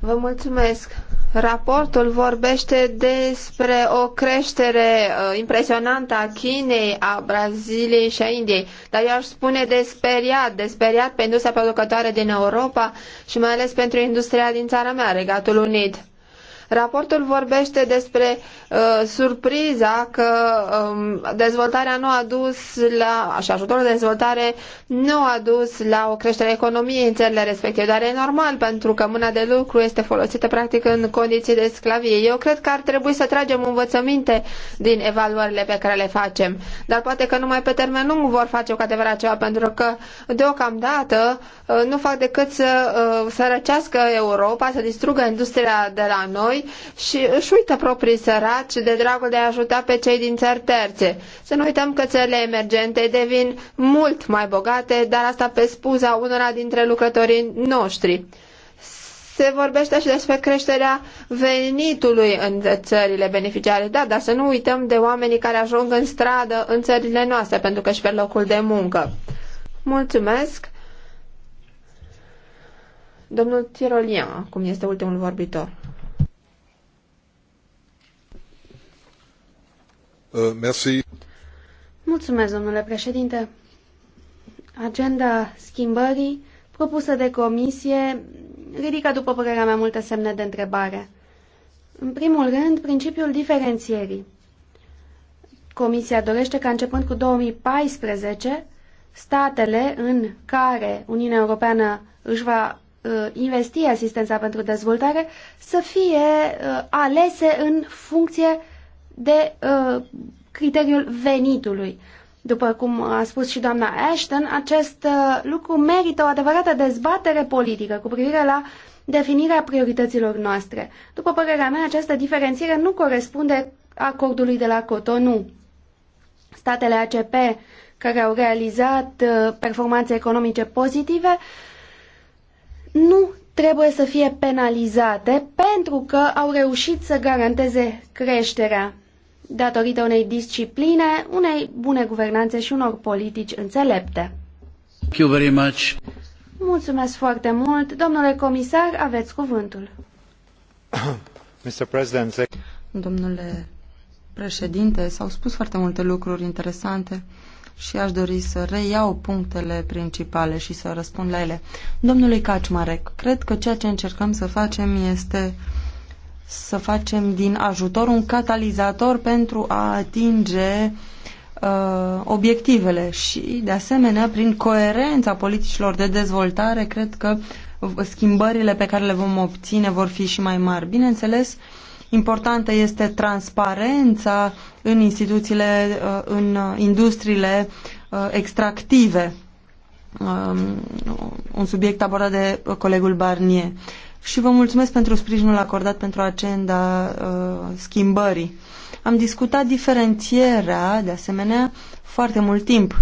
Vă mulțumesc. Raportul vorbește despre o creștere uh, impresionantă a Chinei, a Braziliei și a Indiei, dar eu aș spune de speriat, de speriat pe industria producătoare din Europa și mai ales pentru industria din țara mea, Regatul Unit. Raportul vorbește despre uh, surpriza că um, dezvoltarea nu a dus la, și ajutorul de dezvoltare nu a dus la o creștere economiei în țările respective, dar e normal pentru că mâna de lucru este folosită practic în condiții de sclavie. Eu cred că ar trebui să tragem învățăminte din evaluările pe care le facem, dar poate că numai pe termen lung vor face cu adevărat ceva, pentru că deocamdată uh, nu fac decât să uh, sărăcească Europa, să distrugă industria de la noi lui și își uită proprii săraci de dragul de a ajuta pe cei din țări terțe. Să nu uităm că țările emergente devin mult mai bogate, dar asta pe spuza unora dintre lucrătorii noștri se vorbește și despre creșterea venitului în țările beneficiare. Da, dar să nu uităm de oamenii care ajung în stradă în țările noastre pentru că și pe locul de muncă. Mulțumesc. Domnul Tirolian, cum este ultimul vorbitor. Uh, Mulțumesc, domnule președinte. Agenda schimbării propusă de comisie ridică, după părerea mea, multe semne de întrebare. În primul rând, principiul diferențierii. Comisia dorește ca începând cu 2014, statele în care Uniunea Europeană își va uh, investi asistența pentru dezvoltare să fie uh, alese în funcție de uh, criteriul venitului. După cum a spus și doamna Ashton, acest uh, lucru merită o adevărată dezbatere politică cu privire la definirea priorităților noastre. După părerea mea, această diferențiere nu corespunde acordului de la Cotonou. Statele ACP care au realizat uh, performanțe economice pozitive nu trebuie să fie penalizate pentru că au reușit să garanteze creșterea datorită unei discipline, unei bune guvernanțe și unor politici înțelepte. Thank you very much. Mulțumesc foarte mult. Domnule comisar, aveți cuvântul. Mr. President, Domnule președinte, s-au spus foarte multe lucruri interesante și aș dori să reiau punctele principale și să răspund la ele. Domnului Kaczmarek, cred că ceea ce încercăm să facem este uh, să facem din ajutor un catalizator pentru a atinge uh, obiectivele și, de asemenea, prin coerența politicilor de dezvoltare, cred că schimbările pe care le vom obține vor fi și mai mari. Bineînțeles, importantă este transparența în instituțiile, uh, în industriile uh, extractive, um, un subiect abordat de colegul Barnier și vă mulțumesc pentru sprijinul acordat pentru agenda uh, schimbării. Am discutat diferențierea, de asemenea, foarte mult timp.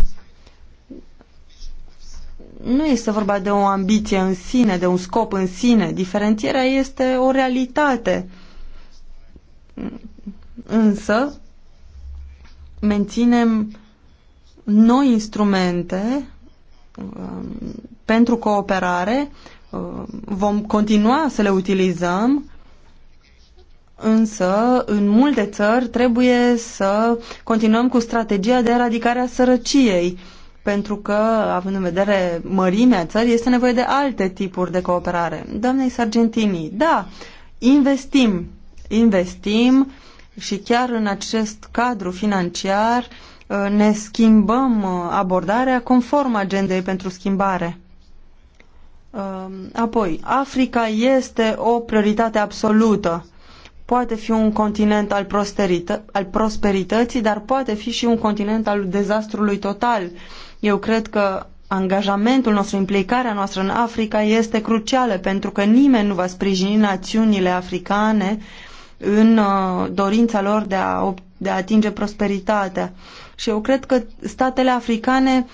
Nu este vorba de o ambiție în sine, de un scop în sine. Diferențierea este o realitate. Însă, menținem noi instrumente um, pentru cooperare Uh, vom continua să le utilizăm, însă în multe țări trebuie să continuăm cu strategia de eradicare a sărăciei, pentru că, având în vedere mărimea țării, este nevoie de alte tipuri de cooperare. Doamnei Sargentini, da, investim, investim și chiar în acest cadru financiar uh, ne schimbăm uh, abordarea conform agendei pentru schimbare Um, apoi, Africa este o prioritate absolută. Poate fi un continent al, al prosperității, dar poate fi și un continent al dezastrului total. Eu cred că angajamentul nostru, implicarea noastră în Africa este crucială, pentru că nimeni nu va sprijini națiunile africane în uh, dorința lor de a, de a atinge prosperitatea. Și eu cred că statele africane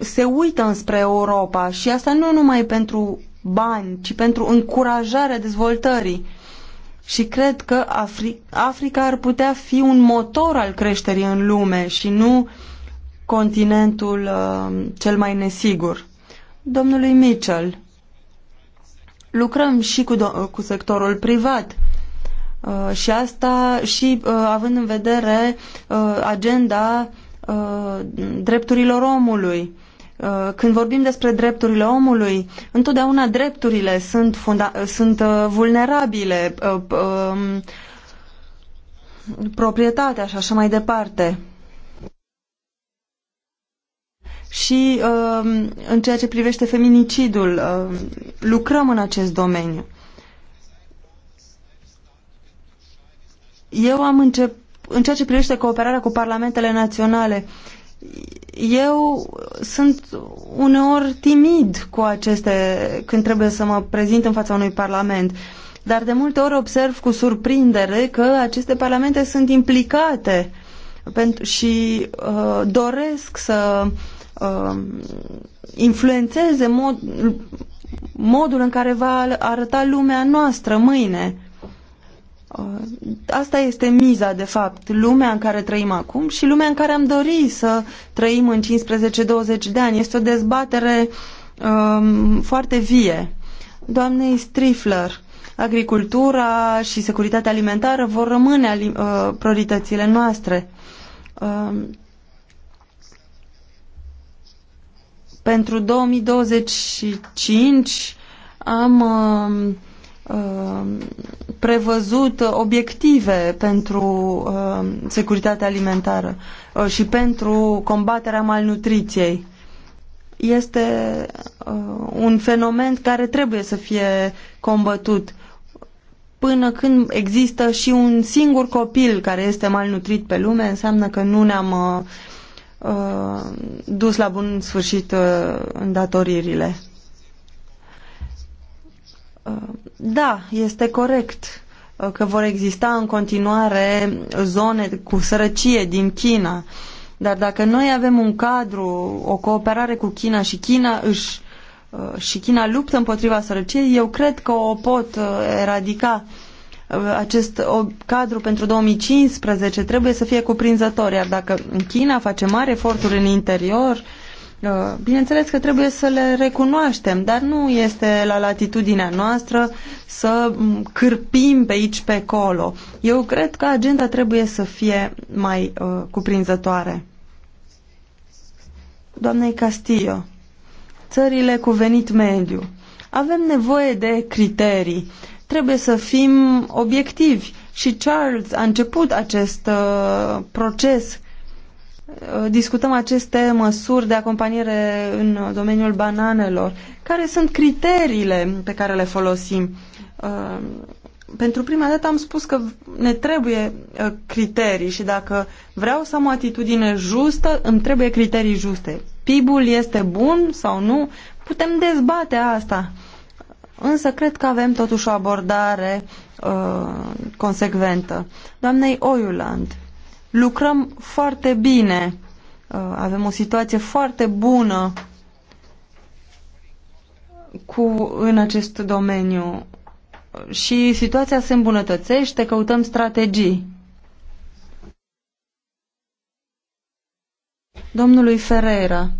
se uită înspre Europa și asta nu numai pentru bani, ci pentru încurajarea dezvoltării. Și cred că Afri Africa ar putea fi un motor al creșterii în lume și nu continentul uh, cel mai nesigur. Domnului Mitchell, lucrăm și cu, cu sectorul privat uh, și asta și uh, având în vedere uh, agenda uh, drepturilor omului. Uh, când vorbim despre drepturile omului, întotdeauna drepturile sunt, funda- sunt uh, vulnerabile, uh, um, proprietatea și așa mai departe. Și um, în ceea ce privește feminicidul, lucrăm în acest domeniu. Eu am început, în ceea ce privește cooperarea cu parlamentele naționale, eu sunt uneori timid cu aceste, când trebuie să mă prezint în fața unui parlament, dar de multe ori observ cu surprindere că aceste parlamente sunt implicate și uh, doresc să uh, influențeze mod, modul în care va arăta lumea noastră mâine. Uh, asta este miza, de fapt, lumea în care trăim acum și lumea în care am dori să trăim în 15-20 de ani. Este o dezbatere um, foarte vie. Doamnei Strifler, agricultura și securitatea alimentară vor rămâne uh, prioritățile noastre. Uh, pentru 2025 am uh, Uh, prevăzut obiective pentru uh, securitatea alimentară uh, și pentru combaterea malnutriției. Este un fenomen care trebuie să fie combătut până când există și un singur copil care este malnutrit pe lume, înseamnă că nu ne-am uh, dus la bun sfârșit uh, îndatoririle. Uh, da, este corect uh, că vor exista în continuare zone cu sărăcie din China. Dar dacă noi avem un cadru, o cooperare cu China și China își uh, și China luptă împotriva sărăciei, eu cred că o pot eradica. Acest cadru pentru 2015 trebuie să fie cuprinzător, iar dacă China face mari eforturi în interior, Uh, bineînțeles că trebuie să le recunoaștem, dar nu este la latitudinea noastră să mm, cârpim pe aici, pe acolo. Eu cred că agenda trebuie să fie mai uh, cuprinzătoare. Doamnei Castillo, țările cu venit mediu. Avem nevoie de criterii. Trebuie să fim obiectivi. Și Charles a început acest uh, proces Uh, discutăm aceste măsuri de acompaniere în domeniul bananelor. Care sunt criteriile pe care le folosim? Uh, pentru prima dată am spus că ne trebuie uh, criterii și dacă vreau să am o atitudine justă, îmi trebuie criterii juste. PIB-ul este bun sau nu? Putem dezbate asta. Însă cred că avem totuși o abordare uh, consecventă. Doamnei Oiuland, lucrăm foarte bine. Uh, avem o situație foarte bună cu, în acest domeniu și situația se îmbunătățește, căutăm strategii. Domnului Ferreira,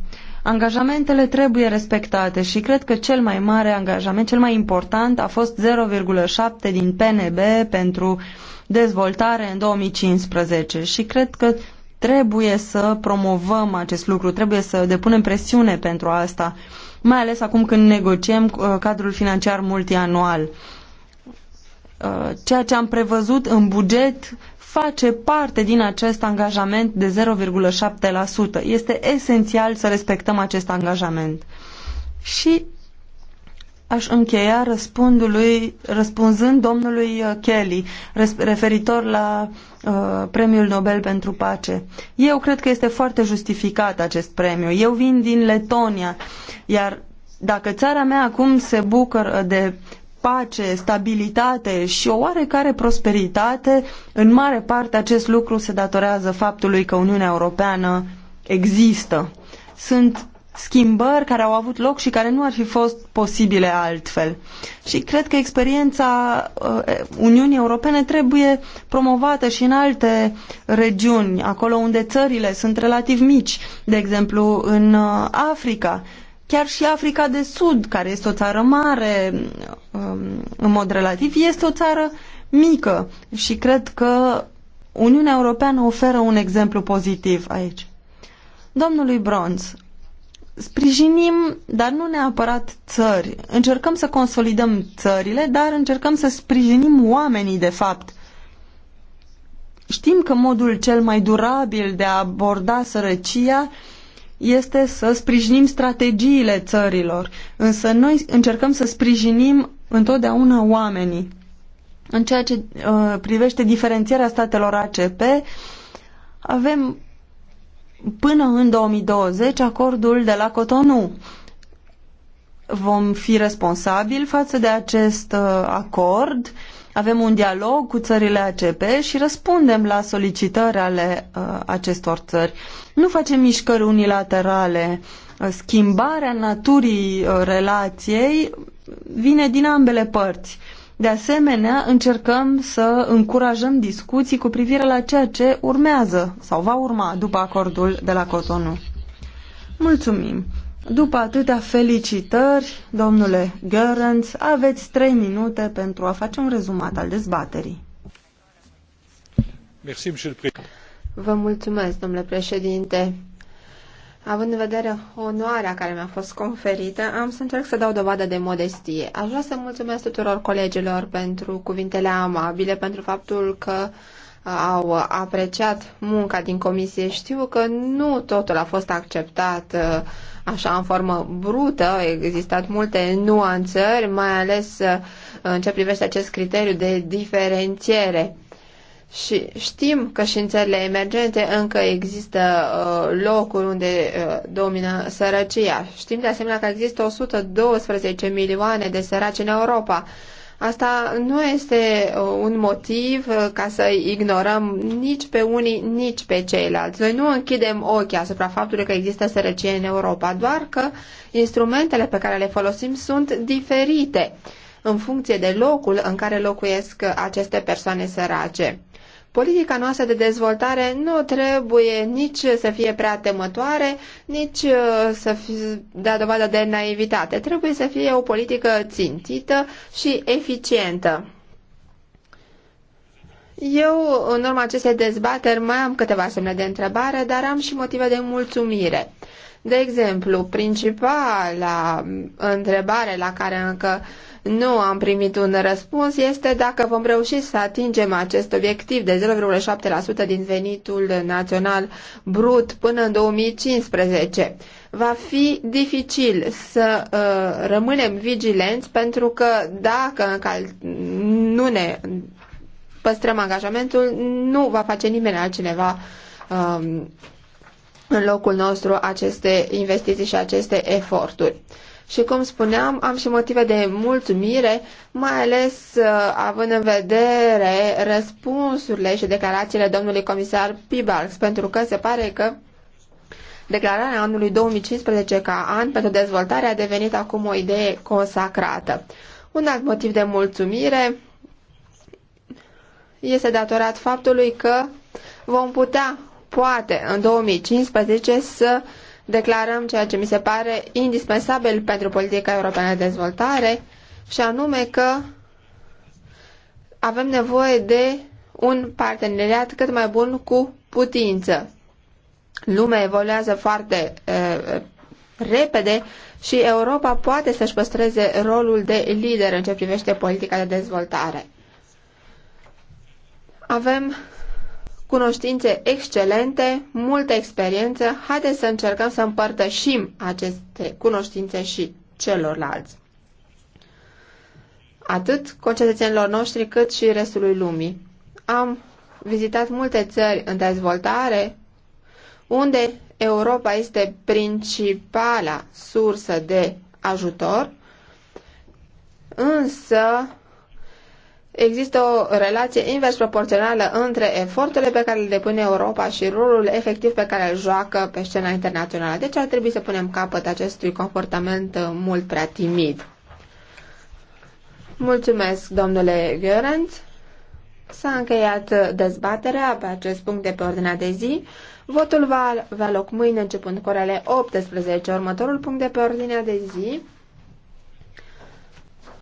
Angajamentele trebuie respectate și cred că cel mai mare angajament, cel mai important a fost 0,7 din PNB pentru dezvoltare în 2015 și cred că trebuie să promovăm acest lucru, trebuie să depunem presiune pentru asta, mai ales acum când negociem uh, cadrul financiar multianual. Uh, ceea ce am prevăzut în buget face parte din acest angajament de 0,7%. Este esențial să respectăm acest angajament. Și aș încheia răspundului, răspunzând domnului uh, Kelly referitor la uh, premiul Nobel pentru pace. Eu cred că este foarte justificat acest premiu. Eu vin din Letonia, iar dacă țara mea acum se bucură de pace, stabilitate și o oarecare prosperitate, în mare parte acest lucru se datorează faptului că Uniunea Europeană există. Sunt schimbări care au avut loc și care nu ar fi fost posibile altfel. Și cred că experiența uh, Uniunii Europene trebuie promovată și în alte regiuni, acolo unde țările sunt relativ mici, de exemplu în uh, Africa. Chiar și Africa de Sud, care este o țară mare um, în mod relativ, este o țară mică și cred că Uniunea Europeană oferă un exemplu pozitiv aici. Domnului Bronz, sprijinim, dar nu neapărat țări. Încercăm să consolidăm țările, dar încercăm să sprijinim oamenii, de fapt. Știm că modul cel mai durabil de a aborda sărăcia este să sprijinim strategiile țărilor, însă noi încercăm să sprijinim întotdeauna oamenii. În ceea ce uh, privește diferențierea statelor ACP, avem până în 2020 acordul de la Cotonou. Vom fi responsabili față de acest uh, acord uh, avem un dialog cu țările ACP și răspundem la solicitări ale uh, acestor țări. Nu facem mișcări unilaterale. Uh, schimbarea naturii uh, relației vine din ambele părți. De asemenea, încercăm să încurajăm discuții cu privire la ceea ce urmează sau va urma după acordul de la Cotonou. Mulțumim! După atâtea felicitări, domnule Görens, aveți trei minute pentru a face un rezumat al dezbaterii. Vă mulțumesc, domnule președinte. Având în vedere onoarea care mi-a fost conferită, am să încerc să dau dovadă de modestie. Aș vrea să mulțumesc tuturor colegilor pentru cuvintele amabile, pentru faptul că uh, au apreciat munca din comisie. Știu că nu totul a fost acceptat uh, așa în formă brută, au existat multe nuanțări, mai ales uh, în ce privește acest criteriu de diferențiere. Și știm că și în țările emergente încă există uh, locuri unde uh, domină sărăcia. Știm de asemenea că există 112 milioane de săraci în Europa. Uh, Asta nu este uh, un motiv uh, ca să ignorăm nici pe unii, nici pe ceilalți. Noi nu închidem ochii asupra faptului că există sărăcie în Europa, doar că instrumentele pe care le folosim sunt diferite în funcție de locul în care locuiesc aceste persoane sărace. Politica noastră de dezvoltare nu trebuie nici să fie prea temătoare, nici uh, să dea dovadă de naivitate. Trebuie să fie o politică țintită și eficientă. Eu, în urma acestei dezbateri, mai am câteva semne de întrebare, dar am și motive de mulțumire. De exemplu, principala întrebare la care încă uh, nu am primit un răspuns este dacă vom reuși să atingem acest obiectiv de 0,7% din venitul național brut până în 2015. Va fi dificil să uh, rămânem vigilenți pentru că dacă nu ne păstrăm angajamentul, nu va face nimeni altcineva um, în locul nostru aceste investiții și aceste eforturi și, cum spuneam, am și motive de mulțumire, mai ales uh, având în vedere răspunsurile și declarațiile domnului comisar Pibarx, pentru că se pare că declararea anului 2015 ca an pentru dezvoltare a devenit acum o idee consacrată. Un alt motiv de mulțumire este datorat faptului că vom putea, poate, în 2015 să declarăm ceea ce mi se pare indispensabil pentru politica europeană de dezvoltare, și anume că avem nevoie de un parteneriat cât mai bun cu putință. Lumea evoluează foarte uh, repede și Europa poate să-și păstreze rolul de lider în ce privește politica de dezvoltare. Avem cunoștințe excelente, multă experiență. Haideți să încercăm să împărtășim aceste cunoștințe și celorlalți. Atât concetățenilor noștri, cât și restului lumii. Am vizitat multe țări în dezvoltare, unde Europa este principala sursă de ajutor, însă Există o relație invers proporțională între eforturile pe care le depune Europa și rolul efectiv pe care îl joacă pe scena internațională. Deci ar trebui să punem capăt acestui comportament uh, mult prea timid. Mulțumesc, domnule Gheorenț. S-a încheiat uh, dezbaterea pe acest punct de pe ordinea de zi. Votul va avea loc mâine începând cu orele 18. Următorul punct de pe ordinea de zi